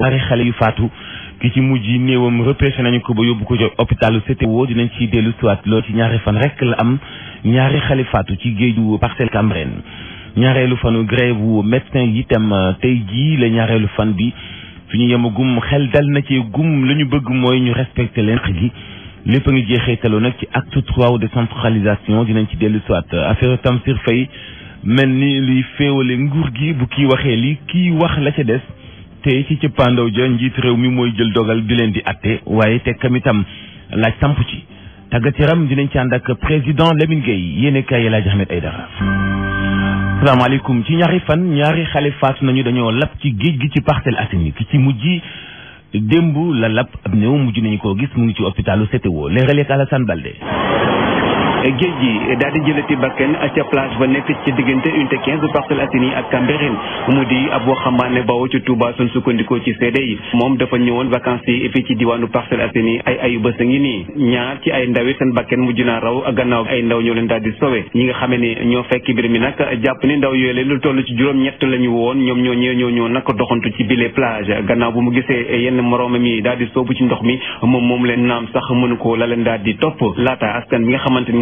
ñaari xale yu faatu ki ci mujj néewam repêché nañu ko ba yóbbu ko ci hôpitalu CTO dinañ ciy dellu siwaat lool ci ñaari fan rek la am ñaari xale faatu ci géeju parcelle Cambérène ñaareelu fanu grève wu médecin yi itam euh, tey jii la ñaareelu fan bi fi ñu yemagum xel dal na ci gum la ñu bëgg mooy ñu respecté leen gi lépp a ngi jeexeetaloo nag ci acte trois de décentralisation dinañ ci dellu siwaat affaire Tamsir mel ni luy féewale nguur gi bu ki waxee li kii wax la ca des te ci cëppaandaw ja njiit réew mi mooy jël dogal di leen di atte waaye tekkam itam laaj samp ci tàggat yaram dinañ ci ànd ak président Lamine yi yéene kaay laaj Ahmed Aïdara asalaamaaleykum ci ñaari fan ñaari xale faatu nañu dañoo lab ci géej gi ci Parcelles Assainies ki ci mujj démb la lab ab néew mujj nañu ko gis mu ngi ci hôpitalu CTO leeraleeg Alassane Balde géej gi daal di jëlati bakkan ca plage ba nekk ci diggante unité 15 Parcelles Assainies ak Cambérène mu di ab waxambaane bawoo ci Touba suñ sukkandikoo ci seede yi moom dafa ñëwoon vacances yi fii ci diwaanu Parcelles Assainies ay ayu bés a ngi nii ñaar ci ay ndaw yi seen bakkan naa raw gannaaw ay ndaw ñoo leen daal di sowe ñi nga xamee ne ñoo fekk mbir mi nag jàpp ni ndaw yooyu lu toll ci juróom ñett la ñu woon ñoom ñoo ñëw ñoo ñoo nag doxantu ci bile plage gannaaw bu mu gisee yenn moroomam yi daal di ci ndox mi moom moom leen naam sax mënu ko la leen daal di topp laata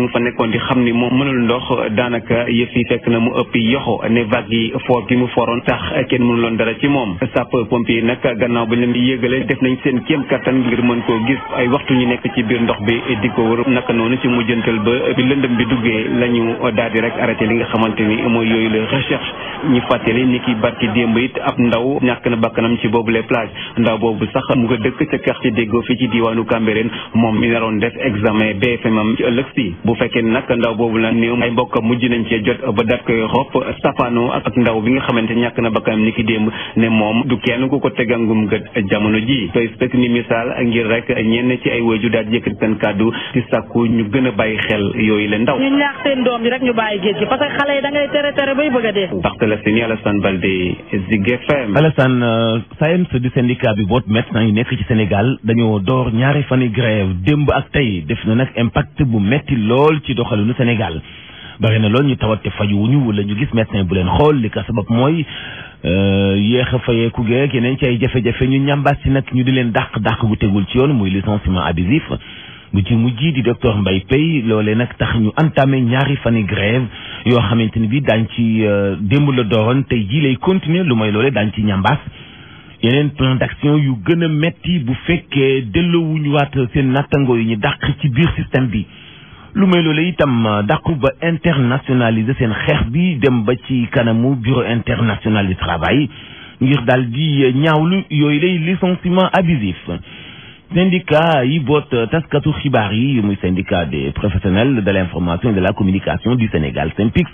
ñi fa nekkoon di xam ni moom mënul ndox daanaka yëf yi fekk na mu ëpp yoxo ne vague yi foor gi mu foroon tax kenn mënuloon dara ci moom sapeur pompier nag gannaaw ba leen di yëgale def nañ seen kéem kattan ngir mën koo gis ay waxtu ñu nekk ci biir ndox bi di ko war naka noonu ci mujjantal ba bi lëndëm bi duggee la ñu daal rek arrêté li nga xamante ni mooy yooyu la recherche ñu fàttali ni ki barki démb it ab ndaw ñàkk na bakkanam ci boobu les plage ndaw boobu sax mu nga dëkk ca quartier déggoo fii ci diwaanu Cambérène moom mi naroon def examen BFM am ëllëg si fekkee nag ndaw boobu la néew ay mbokk mujj nañ cee jot ba dat koy xopp safaano ak ndaw bi nga xamante ñàkk na bakkanam ni ki démb ne moom du kenn ku ko tegangum gët jamono ji doy sëkk ni misaal ngir rek ñenn ci ay wëju daal yëkkati seen kàddu di sàkku ñu gën a bàyyi xel yooyu la ndaw. ñu ñaax seen doom yi rek ñu bàyyi géej gi parce que xale yi da tere tere bay bëgg a dee. ndaxte la si ni Alassane Balde Zig FM. Alassane euh, SAEMS di syndicat bi boot médecin yi nekk ci Sénégal dañoo door ñaari fani grève démb lool ci doxalinu Sénégal bari na lool ñu tawat te faj wu ñu gis médecin bu leen xool li ko sabab mooy euh, yéex a fayeeku geeg yeneen ci ay jafe-jafe ñu ñambaat si nag ñu di leen dàq dàq gu tegul ci yoon muy licenciement abusif bu ci mujj di docteur mbay Pay loolee nag tax ñu entamé ñaari fani grève yoo xamante ni bi daañ ci euh, démb la dooroon te jii lay continuer lu mooy loole daañ ci ñambaas yeneen plan yu gën a metti bu fekkee delloowuñu waat seen nattango yi ñu dàq ci biir système bi lu may itam dàqu ba internationaliser seen xeex bi dem ba ci kanamu bureau international du travail ngir daldi di ñaawlu licenciement abusif syndicat yi taskatu xibaar yi muy syndicat des professionnels de l'information et de la communication du Sénégal SYNPICS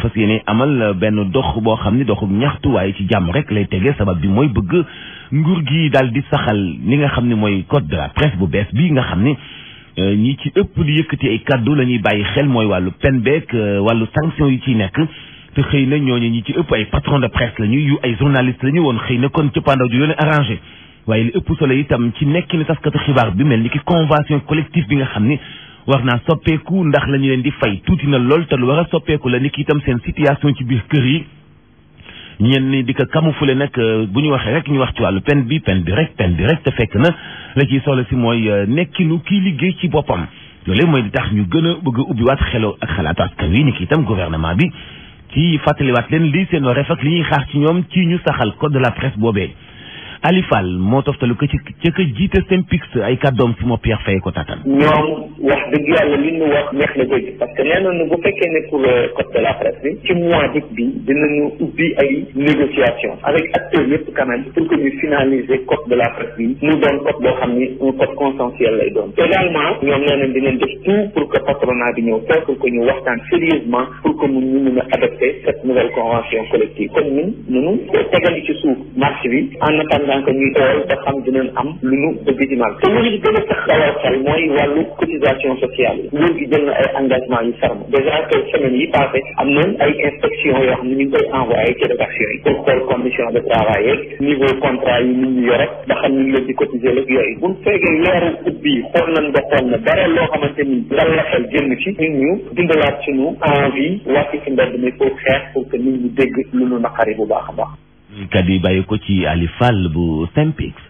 fas yéene amal ben dox bo xam ni doxu ñaxtu waaye ci jàmm rek lay tege sabab bi mooy bëgg nguur gi daal nga code de la presse bu bees bi nga Euh, ñii ci ëpp di yëkkati ay kaddu la ñuy bàyyi xel mooy wàllu peine beeg euh, wàllu sanction yi ciy nekk te xëy na ñooñu ñi ci ëpp ay patron de presse la ñu yu ay journaliste la ñu woon xëy na kon cëppaandaw ju yoone arrangé waaye li ëpp solo itam ci nekki ni taskatu xibaar bi mel ni ki convention collective bi nga xam ni war naa soppeeku ndax la leen di fay tuuti na lool te lu war a soppeeku la ni ki itam seen situation ci biir kër yi ñenn ñi di ko camoufler nag euh, bu ñu waxee rek ñu wax ci wàllu peine bi peine bi rek peine te fekk na la ciy soxla si mooy euh, nu kii liggéey ci boppam loolee mooy di tax ñu gën a bëgg a ubbiwaat xeloo ak xalaatu askan wi ni ki itam gouvernement bi ci fàttaliwaat leen li seen wareef ak li ñuy xaar ci ñoom ci ñu saxal code de la presse boobee Ali Fall mo toftalu ko ci ci ke jité sen pix ay kaddom ci mo Pierre Faye ko tatan ñom wax deug yàlla li ñu wax nekh na dégg parce que nee nañu bu fekké né pour euh, le code de la presse bi ci mois d'août bi dinañu ubbi ay négociations avec acteurs yépp quand même pour que ñu finaliser code de la presse bi mu doon code bo xamni ni un code consensuel lay doon également ñoom nee nañ dinañ def tout pour que patronat bi ñëw fekk ko ñu waxtaan sérieusement pour que mun ñu mun a cette nouvelle convention collective comme ñun ñu tégal ci suuf marché bi en attendant tant que ñuy tool te xam dinañ am lu ñu bëgg ci mag te lu ñu gën a tax dawal xel mooy wàllu cotisation sociale yi nguur gi jël na ay engagement yu ferme déjà que semaine yi passé am na ay inspection yoo xam ne ñu ngi koy envoyé ci rédaction yi pour xool condition de travail yeeg niveau contrat yi nit ñu yore ba xam ñu leen di cotiser rek yooyu bu fekkee leeru ubbi xool nañ ba xool na dara loo xamante ni dal la xel génn ci nit ñu dundalaat suñu envie wàcc ci mbedd mi pour xeex pour que nit ñu dégg lu ñu naqari bu baax a baax Kade baye koti alifal bo senpeks.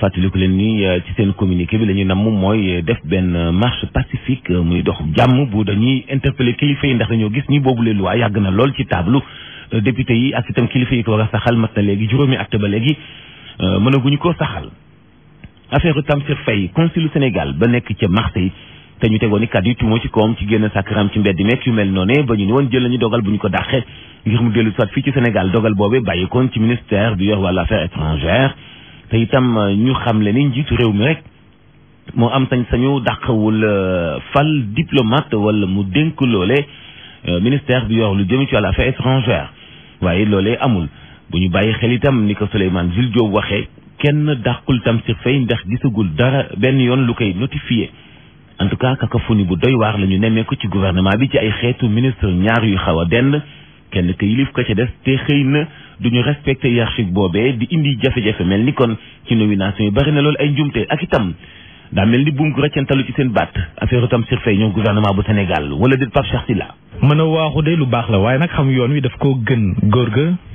Fatile klen ni tisen euh, komunikevi le nye nan moumoy euh, def ben euh, Marche Pacifique. Mouni dok jamou bo dan ni entepele kilifeye ndak renyo gis ni boble lwa. Aya gana lol ki tablo depiteyi asetan kilifeye kwa gwa sakhal matan legi. Jou reme akte balegi mouno gouni kwa sakhal. Afe retam sir fey konsilou Senegal. Ben ekite Marseille. te ñu tegoon ni kat yi tuuma ci koom ci génn sàkkaram ci mbedd meek yu mel noone ba ñu ni woon jël nañu dogal bu ñu ko dàqee ngir mu dellu soit fii ci Sénégal dogal boobe bàyyikoon ci ministère bi yor wàllu affaires étrangères te itam ñu xam le ni njiitu réew mi rek moo am sañ-sañu dàqawul euh, fal diplomate wala mu dénk loole euh, ministère bi yor lu jëm ci wàllu affaires étrangères waaye loolee amul bu ñu bàyyi xel itam ni ko Souleymane Jules Diop waxee kenn dàqul Tamsir Faye ndax gisagul dara benn yoon lu koy notifié en tout cas cacophonie bu doy waar la ñu nemmeeku ci gouvernement bi ci ay xeetu ministre ñaar yu xaw a dend kenn ka yilif ko ci des te xëy na duñu respecté hiérarchique boobee di indi jafe-jafe mel ni kon ci nomination yi bari na loolu ay njumte ak itam daa mel ni buum gu rëccantalu ci seen baat affaire itam surfey ñoom gouvernement bu Sénégal wala déet Pape Cheikh Sylla mën a waaxu de lu baax la waaye nag xam yoon wi daf koo gën góor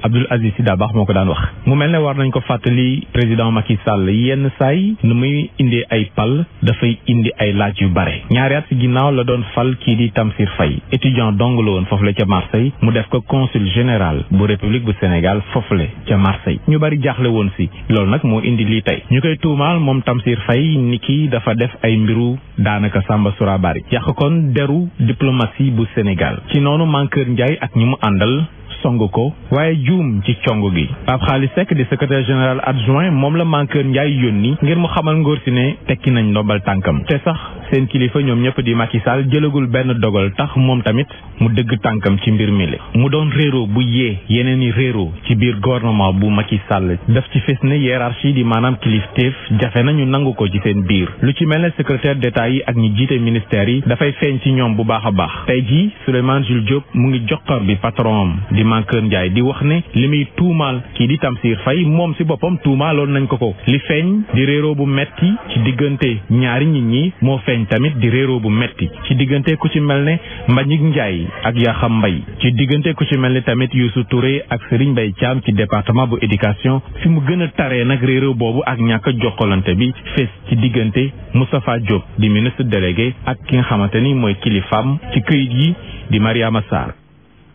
Abdoul Aziz Sy Dabakh moo ko daan wax mu mel ne war nañ ko fàttali président Macky Sall yenn saay nu muy indee ay pal dafay indi ay laaj yu bare ñaari at ginnaaw la doon fal kii di Tamsir fay étudiant dong la woon foofu la ca Marseille mu def ko consul général bu République bu Sénégal foofule la ca Marseille ñu bari jaaxle woon si loolu nag moo indi lii tey ñu koy tuumaal moom Tamsir fay ni kii dafa def ay mbiru daanaka Samba Soura Bari yàq kon deru diplomatie bu Sénégal ci noonu Mankeur Ndiaye ak ñi àndal song ko waaye juum ci cong gi Pape Khaly Seck di secretaire général adjoint moom la Mankeur Ndiaye yónni ngir mu xamal ngóor si ne tekki nañ ndombal tànkam te sax seen kilifa ñoom ñëpp di Macky Sall jëlagul benn dogal tax moom tamit mu dëgg tànkam ci mbir mi mu doon réero bu yée yeneen i réero ci biir gouvernement bu ma ci Sall def ci fes ne hiérarchie di maanaam kilifteef jafe nañu nangu ko ci seen biir lu ci mel ne secrétaire d'état yi ak ñi jiite ministères yi dafay feeñ ci ñoom bu baax a baax tey jii Souleymane Jules Diop mu ngi joxor bi patron am di Mankeur Ndiaye di wax ne li muy tuumaal kii di Tamsir Faye moom si boppam tuumaaloon nañ ko ko li feeñ di réeroo bu metti ci diggante ñaari nit ñi moo feeñ tamit di réeroo bu metti ci diggante ku ci mel ne Mbagnick Ndiaye ak yaa xam Mbay ci diggante ku ci mel ni tamit su Touré ak Serigne Mbaye Thiam ci département bu éducation fi mu gën a taree nag réeróo boobu ak ñàkk a jokkalante bi fees ci diggante Moustapha Diop di ministre délégué ak ki nga xamante ni mooy kilifaam ci këyit yi di Mariama Sarr.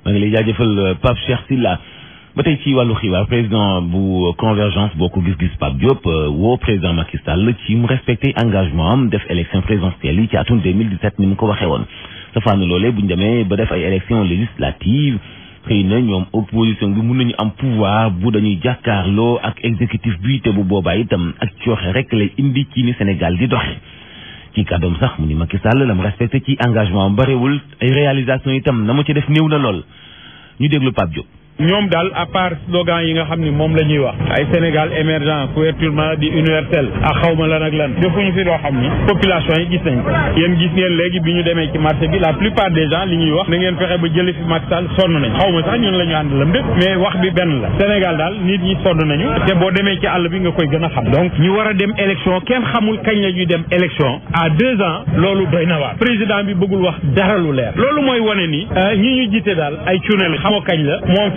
maa ngi lay jaajëfal euh, Pape Cheikh Sylla ba tey ci wàllu xibaar président bu euh, convergence bokk gis-gis Pape Diop euh, woo président Macky Sall ci mu respecté engagement am def élection présidentielle yi ci atum 2017 ni mu ko waxee woon. safaani loolee bu ñu demee ba def ay élections législatives xëy na ñoom opposition bi mun nañu am pouvoir bu dañuy jàkkaarloo ak exécutif bi te bu boobaa itam ak cooxe rek lay indi ci ni Sénégal di doxe ci kàddoom sax mu ni Macky Sall la mu respecté ci engagement am barewul ay réalisation itam na mu ci def néew na lool ñu déglu Pape Diop. ñoom daal a part slogan yi nga xam ni moom la ñuy wax ay Sénégal émergent couverture maladie universelle ak xawma lan ak lan defuñu fi loo xam ni population yi gis nañ ko yéen gis ngeen léegi bi ñu demee ci marché bi la plupart des gens li ñuy wax na ngeen fexe ba jële fi Macky Sall sonn nañ xawma sax ñun la ñu ànd lam dëkk mais wax bi benn la Sénégal daal nit ñi sonn nañu te boo demee ci àll bi nga koy gën a xam donc ñu war a dem élection kenn xamul kañ la ñuy dem élection à deux ans loolu doy na waar président bi bëggul wax dara lu leer loolu mooy wane ni euh, ñi ñu jiite daal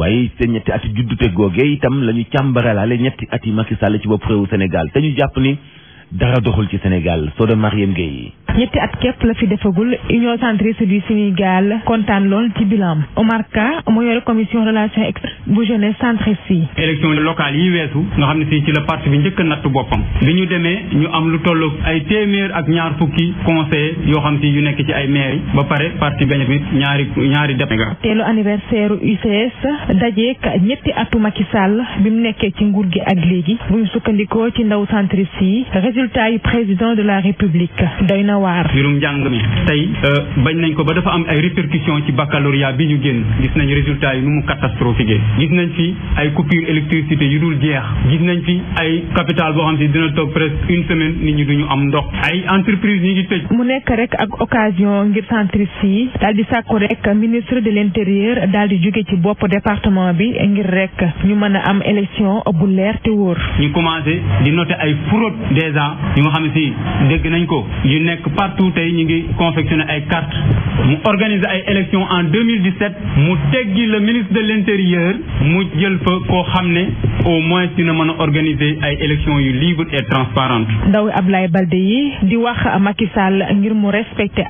waaye seen ñetti ati juddute googee itam lañu ñu càmbaralaale ñetti ati Macky Sall ci bopp réewu Sénégal te ñu jàpp ni dara doxul ci Sénégal Soda Mariam Gueye ñetti at képp la fi defagul union centriste du Sénégal kontaan lool ci bilan Omar Ka moo commission relation ex bu jeunesse centriste yi élection locale yi weesu nga xam ne si ci la parti bi njëkk a natt boppam bi ñu demee ñu am lu tollu ay téeméer ak ñaar fukki conseillers yoo xam si yu nekk ci ay maires ba pare parti gagné tamit ñaari ñaari def teelu anniversaire UCS dajeek ñetti atu Macky Sall bi mu nekkee ci nguur gi ak léegi résultat du président de la république day na waar. mbirum njàng euh, bañ nañ ko ba dafa am ay répercussions ci baccalauréat bi ñu génn gis nañ résultat yi nu mu catastrophique gis nañ fi ay coupure électricité yu dul jeex gis nañ fi ay capital boo xam si dina toog presque une semaine nit ñi duñu am ndox ay entreprise ñu ngi tëj. mu nekk rek ak occasion ngir centriste yi daal di sàkku rek ministre de l'intérieur daal di jóge ci bopp département bi ngir rek ñu mën a am élection bu leer te wóor. ñu commencé di noter ay fraude ñu nga ne dégg nañ ko yu nekk partout tey ñu ngi confectionné ay élections en 2017 mu le ministre de l'intérieur mu jël au moins dina mën a organiser élections libres et transparentes.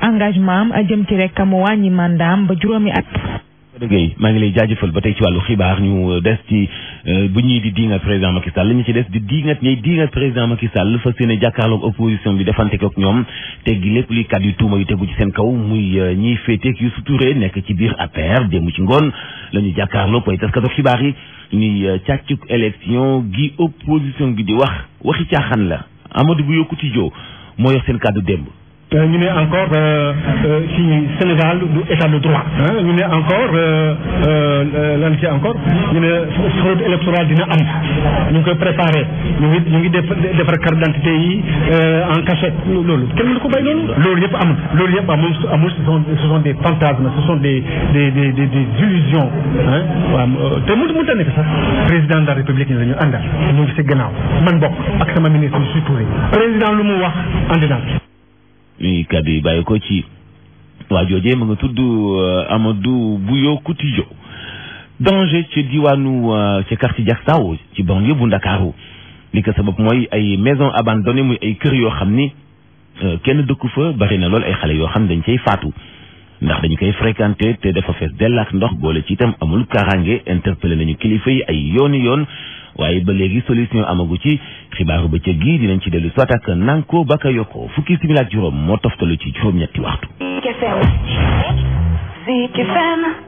engagement am rek ba Guèye maa ngi lay jaajëfal ba tey ci wàllu xibaar ñu euh, des ci euh, bu ñuy di diingat président Macky Sall ñu ci des di diingat ñay diingat président Macky Sall fas yéene jàkkaarloog opposition bi defante ko ak ñoom teggi lépp luy kàddu tuuma yu tegu ci seen kaw muy euh, ñiy féeteeg yu suturee nekk ci biir APR démb ci ngoon la ñu jàkkaarloog way taskatu xibaar yi ñuy càccuk élection gi opposition gi di wax waxi caaxaan la Amadou bu yokku ci joo moo yor seen kàddu démb Euh, ñu ne encore euh, euh, ci Sénégal du état de droit. Hein, ñu ne encore lan ci encore ñu ne fraude électorale dina am ñu ngi koy préparé ñu ngi ñu ngi defar carte d'identité yi en cachette loolu kenn mënu ko bay loolu. loolu yëpp am loolu yëpp amul amul ce sont des fantasmes ce sont des des des des illusions ah waaw te mu mënut a nekk sax président de la république ñu la ñu àndal. ñu ngi si gannaaw man bokk ak sama ministre Youssou Touré président lu mu wax ànd naa ñuy kàddu yi bàyyi ko ci waa joojee ma nga tudd eh, Amadou Bouyo Koutijo danger ci diwaanu eh, ci quartier Diacksao ci banlieue bu Ndakaaru li ko sabab mooy ay maison abandonnée muy ay kër yoo xam ni eh, kenn dëkku fa bari na lool ay xale yoo xam dañ cay faatu ndax dañu koy fréquenté te dafa fees dell ndox boole ci itam amul karange interpellé nañu kilifay ay yoonu yoon waaye ba léegi solution amagu ci xibaaru ba bëccëg gi dinañ ci dellu soit ak nanko bakayoko fukki simila ak juróom moo toftalu ci juróom-ñetti waxtu.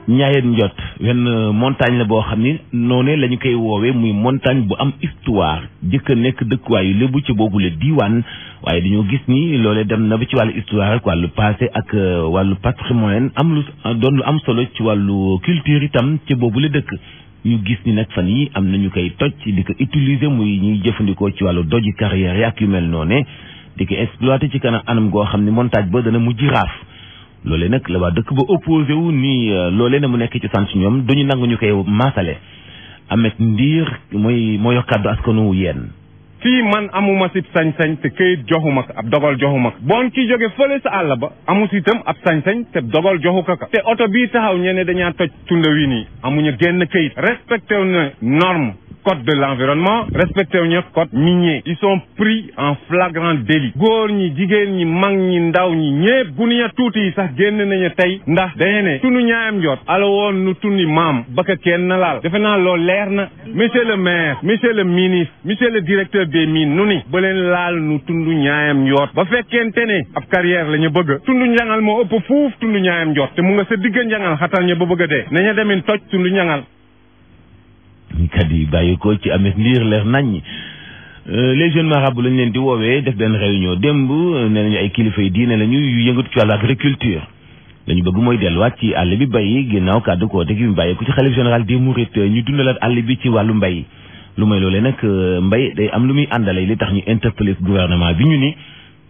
ñaayet njot wenn montagne la boo xam ni noonu lañu koy woowee muy montagne bu am histoire jëkk a nekk dëkkuwaayu lébu ci boobule diiwaan waaye dañoo gis ni loolee dem na ba ci wàllu histoire ak wàllu passé ak euh, wàllu patrimoine am lu doon lu am solo ci wàllu culture itam ci la dëkk ñu gis ni nag fan yi am na ñu koy toj di ko utiliser muy ñuy jëfandikoo ci wàllu doji carrière yàq yu mel noonu di ko exploité ci kanam anam goo xam ne montage ba dana mujj raaf loolee nag la waa dëkk ba opposé wu nii euh, loolee na mu nekk ci sant ñoom duñu nangu ñu koy maasale amet ndiir mooy moo yor kàddu askanu yeen fii man amuma si sañ-sañ te këyit joxuma ab dogal joxuma ko bon ki jóge fële sa àll ba amu si itam ab sañ-sañ te dogal joxu te oto bii taxaw ñene dañaa toj tunda wi nii amuñu génn këyit respecté na norme code de l'environnement respecté wuñu code minier ils sont pris en flagrant délit góor ñi jigéen ñi mag ñi ndaw ñi ñépp guniya tuuti yi sax genn nañu tay ndax dañu ne suñu ñaayam jot ala woon nu tunni mam baka kenn laal defé na lo leer na monsieur le maire monsieur le ministre monsieur le directeur des mines nu ba leen laal nu tundu ñaayam yoot ba fekkente ne ab carrière lañu bëgg tundu ñangal mo upp fuuf tundu ñaayam jot te mu nga sa digg ñangal xatal ñu ba bëgg a nañu naña demin toj tundu njangal kat yi bàyyi ko ci ames ndiir leer nañ euh, les jeunes marabouts lañ leen di woowee def benn réunion démb ne nañu ay kilifa yi diine lañu yu yëngatu ci wàllu agriculture lañu bëgg mooy delluwaat ci àll bi bay ginnaaw kàddu koo teg yu bàyyi ku ci xalif général des mourides ñu dundalaat àll bi ci wàllu mbay lu may loolee nag euh, mbay day am lu muy àndale li tax ñu interpellé gouvernement bi ñu ni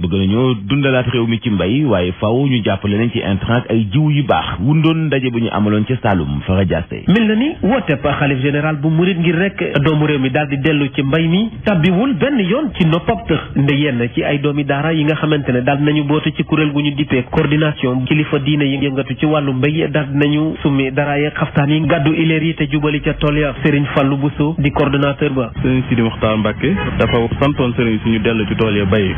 bëgg nañoo dundalaat réew mi ci mbay waaye faw ñu jàppale leen ci intrant ay jiw yu baax wundoon ndaje bu ñu amaloon ci Saloum fara jaase mel na ni wooteeb xalif général bu murit ngir rek doomu réew mi daal di dellu ci mbay mi tabbiwul benn yoon ci noppab tëx nde yenn ci ay doomi daara yi nga xamante ne daal nañu boote ci kuréel gu ñu dippee coordination kilifa diine yi yëngatu ci wàllu mbay daal nañu summi dara yeeg xaftaan yi ngàddu ileer yi te jubali ca tool ya Serigne Fallou Bousso di coordonnateur ba Serigne Sidi Mokhtar Mbacke dafa santoon Serigne suñu dellu ci tool ya bay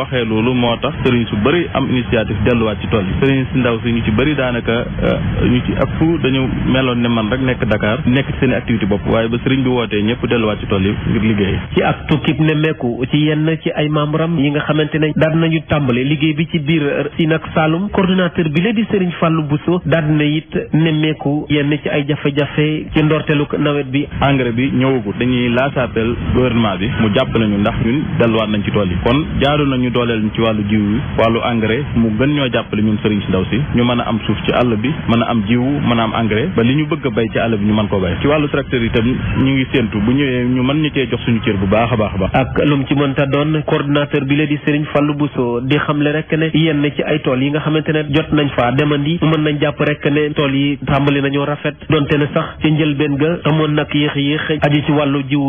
waxee loolu moo tax sëriñ su bëri am initiative delluwaat ci tool yi sëriñ si ndaw si ñu ci bëri daanaka euh, ñu ci ëpp dañu meloon ne man rek nekk dakaar nekk ci seen activité bopp waaye ba sëriñ bi wootee ñëpp delluwaat ci tool yi ngir liggéey ci ak tukkib ne mekku ci yenn ci ay membre am yi nga xamante ne daal nañu tàmbale liggéey bi ci biir euh, Sine nag saalum coordonnateur bi la di sëriñ Fallou Bousso daal na it nemmeeku mekku yenn ci ay jafe-jafe ci ndorteelu nawet bi engrais bi ñëwagul dañuy laas appel bi mu jàppale ñu ndax ñun delluwaat ci tool yi ñu dooleel ci wàllu jiw yi wàllu engrais mu gën ñoo jàppale ñun sëriñ si ndaw si ñu mën a am suuf ci àll bi mën a am jiwu mën a am engrais ba li ñu bëgg a bay ci àll bi ñu mën ko bay ci wàllu tracteur yi tam ñu ngi séentu bu ñëwee ñu mën ñu cee jox suñu cër bu baax a baax a baax ak lum ci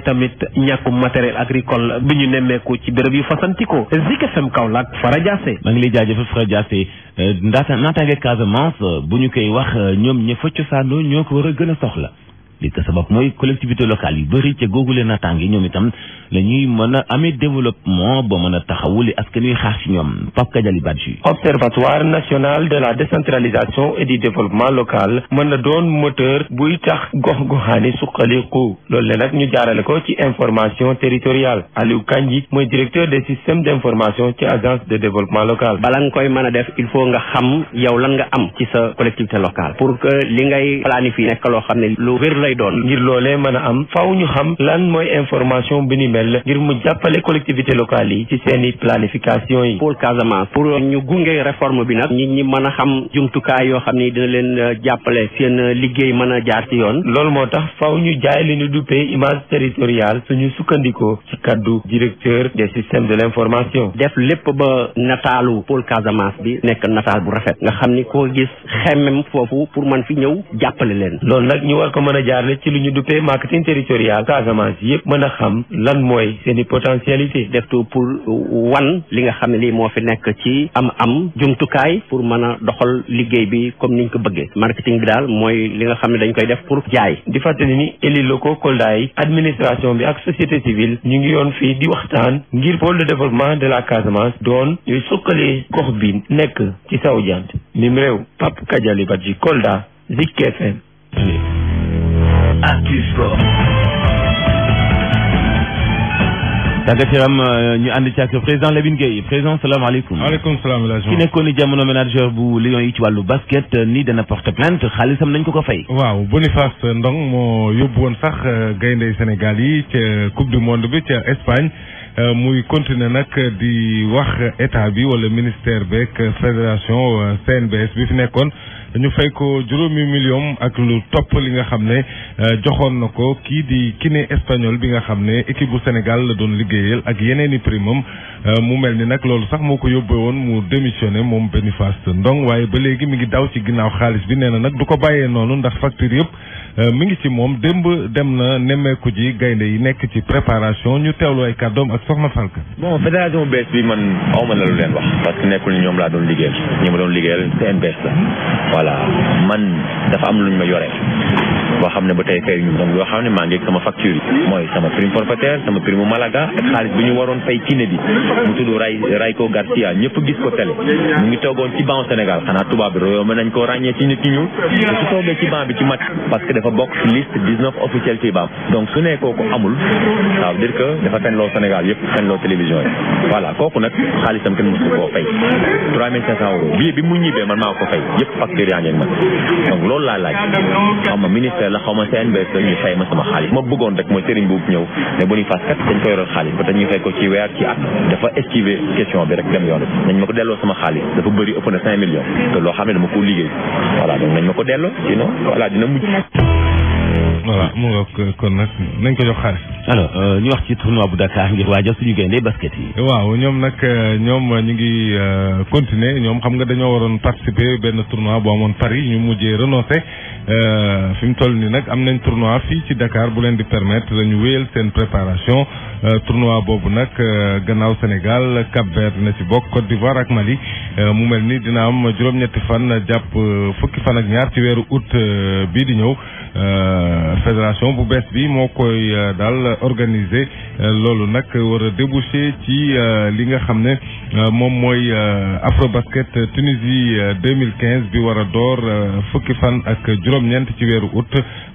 tamit ñàkkum matériel agricole bi ñu nemmeeku ci béréb àdduna bi fasantikoo Zik FM Kaolack Fara Diassé maa ngi lay jaajëfal Fara Diassé euh, ndaata naataange Casamance euh, bu ñu koy wax euh, ñoom ña fa cosaanoo ñoo ko war a gën a soxla li ko sabab mooy collectivité locale yu bëri ca googu leen naataange ñoom itam la ñuy mën a amee développement ba mën a taxawu li askan wi xaar ci ñoom Pape Kadiali Badji observatoire national de la décentralisation et du développement local mën na doon moteur buy tax gox-goxaani suqaliku loolu la nag ñu jaarale ko ci information territoriale Aliou Kandji mooy directeur des systèmes d'information ci agence de développement local. bala nga koy mën a def il faut nga xam yow lan nga am ci sa collectivité local pour que li ngay planifier loo xam ne lu wér lay doon ngir loolee mën am mel ngir mu jàppale collectivité locale yi ci seen i planification yi pôle Casamance pour ñu gunge réforme bi nag nit ñi mën a xam jumtukaay yoo xam ni dina leen euh, jàppale seen euh, liggéey man a jaar ci yoon lool moo tax faw ñu jaay li ñu duppee image territoriale suñu sukkandikoo ci kaddu directeur de systèmes de l'information def lépp ba nataalu pôle Casamance bi nekk nataal bu rafet nga xam ni ko gis xemmem foofu pour man fi ñëw jàppale leen loolu nag ñu war ko a c'est seeni potentialité def pour wan li nga fi ci am am jumtukaay pour mën doxal liggéey bi comme niñ ko marketing bi daal moy li nga dañ koy def pour jaay di ni élus locaux administration bi ak société civile ñu ngi yoon fii di waxtaan ngir de développement de la Casamance doon ñuy suqali gox bi nekk ci saw jant mim réew Pape Badji Kolda Zik FM tàggat présent euh, ñu ànd ci ak président président ni jamono manager bu yi ci basket euh, ni porte plainte Boniface Ndong sax euh, Sénégal coupe du monde de l'Espagne. Espagne. muy continuer nak di wax état bi wala ministère fédération CNBS bi fi dañu fay ko juróomi million ak lu topp li nga xam ne euh, joxoon na ko kii di ne espagnol bi nga xam ne équipe bu Sénégal la doon liggéeyal ak yeneen i primam euh, mu mel ni nag loolu sax moo ko yóbbee woon mu démissionné moom Boniface Ndong waaye ba léegi mi ngi daw ci ginnaaw xaalis bi nee na nag du ko bàyyee noonu ndax facture yëpp Euh, mi ngi ci moom démb dem na nemmeeku ji gaynde yi nekk ci préparation ñu teewlu ay kàddoom ak soxna Falk. bon fédération bees bi man aw ma la lu leen wax. parce que nekkul ñoom laa doon liggéeyal ñoom ma doon liggéeyal seen bees la voilà man dafa am luñ ma yore. boo xam ne ba tey fayuñu donc yoo xam ne mooy sama prime forfaitaire sama prime Malaga ak xaalis bi ñu waroon fay kiné bi mu tudd Ray Rayko Garcia ñëpp gis ko télé mu ngi toogoon ci banc Sénégal xanaa tubaab bi royo mën nañ koo ràññee ci nit ki ñuul su toogee ci banc bi ci match parce que dafa bokk ci liste 19 officiel ci donc su nee kooku amul ça dire que dafa fenloo Sénégal yëpp fenloo télévision yi voilà kooku nag xaalisam kenn mosu koo fay 3500 ko fay yëpp facture yaa ngeen man donc loolu laa laaj xam nga ministère la xaw ma CNBS la ñu fay ma sama xaalis ma bëggoon rek mooy sëriñ boobu ñëw ne Boniface kat dañ ko yoroon xaalis ba te ñu fay ko ci weer ci at dafa esquiver question bi rek dem yoon nañ ma ko delloo sama xaalis dafa bëri ëpp na 5 millions loo xam ne dama ko liggéey voilà donc nañ ma ko delloo sinon voilà dina mujj voilà mu nga kon nag nañ ko jox xaar. alors euh, ñu wax ci tournoi bu Dakar ngir waajal suñu gaynde basket yi. waaw ñoom nag euh, ñoom euh, ñu ngi continuer ñoom xam nga dañoo waroon participer benn tournoi bu amoon Paris ñu mujjee renoncé fi mu toll nii nag am nañ tournoi fii ci Dakar bu leen di permettre ñu wéyal seen préparation tournoi boobu nag gannaaw Sénégal Cap Vert na ci bok Côte d'Ivoire ak Mali mu mel ni dina am juróom-ñetti fan jàpp fukki fan ak ñaar ci weeru août bii di ñëw. Euh, fédération pour bees bi moo koy euh, daal organiser euh, loolu nag war a déboucher ci li nga xam ne Afrobasket Tunisie 2015 bi war a door fukki fan ak juróom-ñeent ci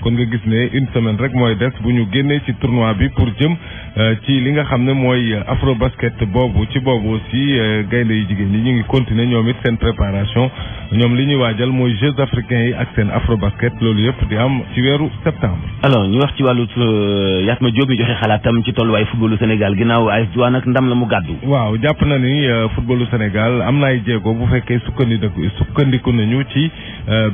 kon nga gis ne une semaine rek mooy des bu ñu génnee ci tournoi bi pour jëm euh, ci li nga xam ne mooy euh, afro basket boobu ci boobu aussi euh, gaynde yu jigéen ñi ñu ngi continuer ñoom it seen préparation ñoom li ñuy waajal mooy Jeux africains yi ak seen afro basket loolu yëpp di am ci weeru septembre. alors ñu wax ci wàllu Yatma Diop mi joxe xalaatam ci tolluwaay footballu Sénégal ginnaaw ay Douane ak ndam la mu gàddu. waaw jàpp na ni footballu Sénégal am na ay jéego bu fekkee sukkandiku sukkandiku nañu ci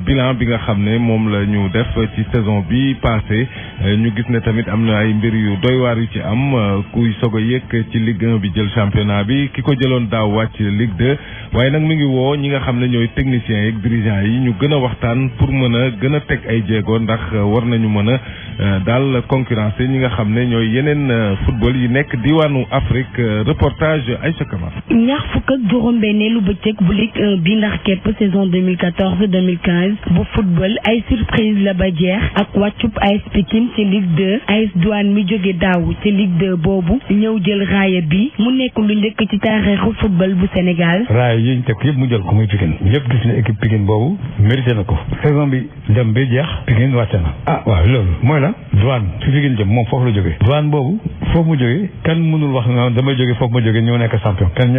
bilan bi nga xam ne moom la ñu def ci saison. élection bi passé euh, ñu gis ne tamit am na ay mbir yu doy yu ci am euh, kuy soog a ci Ligue bi jël championnat bi ki ko jëloon daaw wàcc Ligue 2 waaye nag mi ngi woo ñi nga xam ne ñooy techniciens yeeg dirigeants yi ñu gën a waxtaan pour mën a gën a teg ay jéego ndax euh, war nañu mën a daal concurrence ñi nga xam ne ñooy yeneen football yi nekk diwaanu Afrique reportage Aïcha Kamara ñaar fukk ak juróom-benneelu bëccëg bu Ligue euh, bi ndax képp saison 2014 2015 bu football ay surprise la ba jeex ak wàccub AS Pikine ci Ligue 2 AS Douane mi jóge daaw ci Ligue 2 boobu ñëw jël raaya bi mu nekk lu njëkk ci taarixu football bu Sénégal. raaya yi ñu teg yëpp mu jël ko muy Pikine ñëpp gis na équipe Pikine boobu mérité na ko saison bi dem bi jeex Pikine wàcce na ah waaw loolu mooy la Douane fi Pikine jëm moom foofu la jógee Douane boobu foofu mu jógee kan mënul wax na damay jógee foofu ma jógee ñoo nekk champion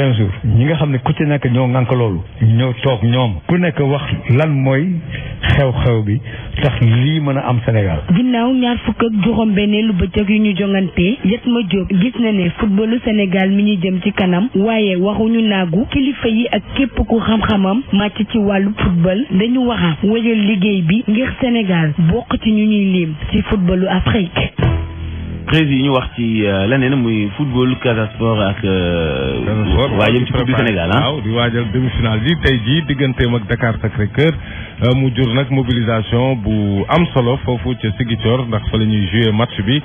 quinze jours ñi nga xam ne ku ci nekk ñoo ŋànk loolu ñoo toog ñoom ku nekk wax lan mooy xew-xew bi tax lii mën a am Sénégal ginnaaw ñaar fukk ak juróom benneelu bëccëg yu ñu jongante Yatma Diop gis na ne footballu Sénégal mi ñu jëm ci kanam waaye waxuñu naagu kilifa yi ak képp ku xam-xamam màcc ci wàllu football dañu waxa wajal liggéey bi ngir senegal bokk ci ñu ñuy liim ci footballu Afrique prési yi ñu wax ci euh, leneen muy football Casa Sport ak. Euh, Casa Sport waajal ci coupe du Sénégal ah. waaw di waajal demi-finale yi tey jii digganteem ak Dakar sacré Euh, mu jur mobilisation bu am solo fofu ci Sigitor ndax fa lañuy jouer match bi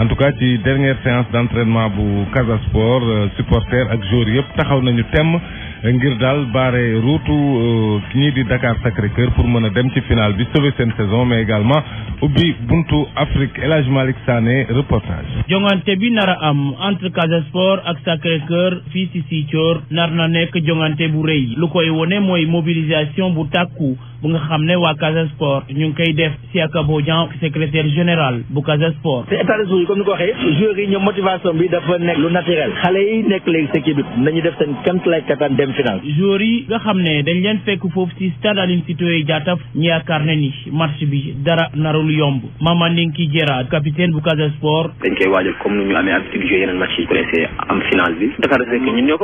en tout cas ci dernière séance d'entraînement bu Casa Sport euh, supporters ak joueurs yépp taxaw nañu temm euh, ngir daal route, ruutu ñii di Dakar Sacré Cœur pour mën dem ci finale bi sauver sen saison mais également ubbi buntu Afrique Elage Malick Sané reportage. jongante bi nara am entre Casa Sport ak Sacré Cœur fi ci Ziguinchor nar na nekk jongante bu reuy lu koy woné moy mobilisation bu tàkku. bu nga xam ne waa Casa Sport ñu ngi koy def a Dieng secrétaire général bu Casa Sport te état de jour yi comme ni ko waxee joueurs yi ñoom motivation bi dafa nekk lu naturel xale yi nekk léegi sa kii nañu def seen kamt lay kattan dem final joueurs nga xam ne dañ leen fekk foofu ci stade Aline Sitoé Diatta ñu yaakaar ne ni match bi dara narul yomb Mama Ninki Diarra capitaine bu Casa Sport dañ koy waajal comme ni ñu amee am final bi Dakar ñun ñoo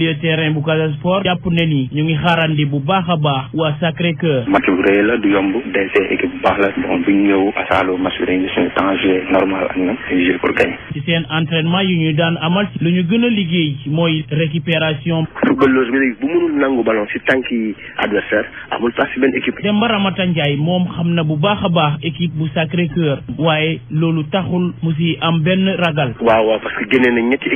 y'a pas de sport jàpp ne ni ñu ngi xaarandi bu baax a baax waa Sacré Cœur. match bu rëy la du yomb DG équipe bu baax la bon bu ñu ñëw asaaloo match bi dañuy temps joué normal pour gagner. ci seen entraînement yu ñu daan amal lu ñu gën a liggéey mooy récupération. footballeuse bi léegi bu mënul nangu ballon si tànk yi adversaire amul place si benn équipe. Demba Ramata Ndiaye moom xam na bu baax a baax équipe bu Sacré Cœur waaye loolu taxul mu si am benn ragal. waaw waaw parce que génne na ñetti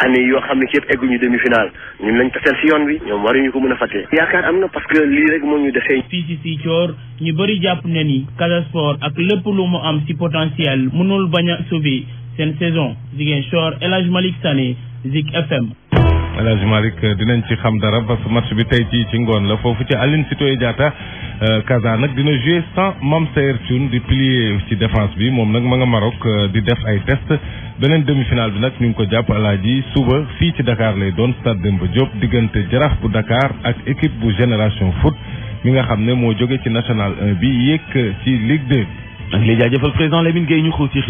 année yoo xam ne ci yëpp ñu demi final ñun lañ taseel si yoon bi ñoom waruñu ko mën a yaakaar am na parce que lii rek moo ñu defee. fii ci Sicoor ñu bëri jàpp na ni Casa Sport ak lépp lu mu am ci potentiel mënul bañ a sauver seen saison Ziguinchor El Hadj Malick Sané Zik FM. El Hadj Malick euh, dinañ ci xam dara parce que match bi tey ci ci ngoon la foofu ci Aline Sitoé Diatta euh, Casa nag dina jouer sans Mame Saer di pilier ci défense bi moom nag ma nga marok euh, di def ay test beneen demi final bi nag ñu ngi ko jàpp ji suba fii ci Dakar lay doon stade ba Diop diggante Jaraaf bu Dakar ak équipe bu Génération Foot mi nga xam ne moo joge ci national bi yéeg ci Ligue 2. ak li jaajëfal président Lamine Gueye ñu xaw ci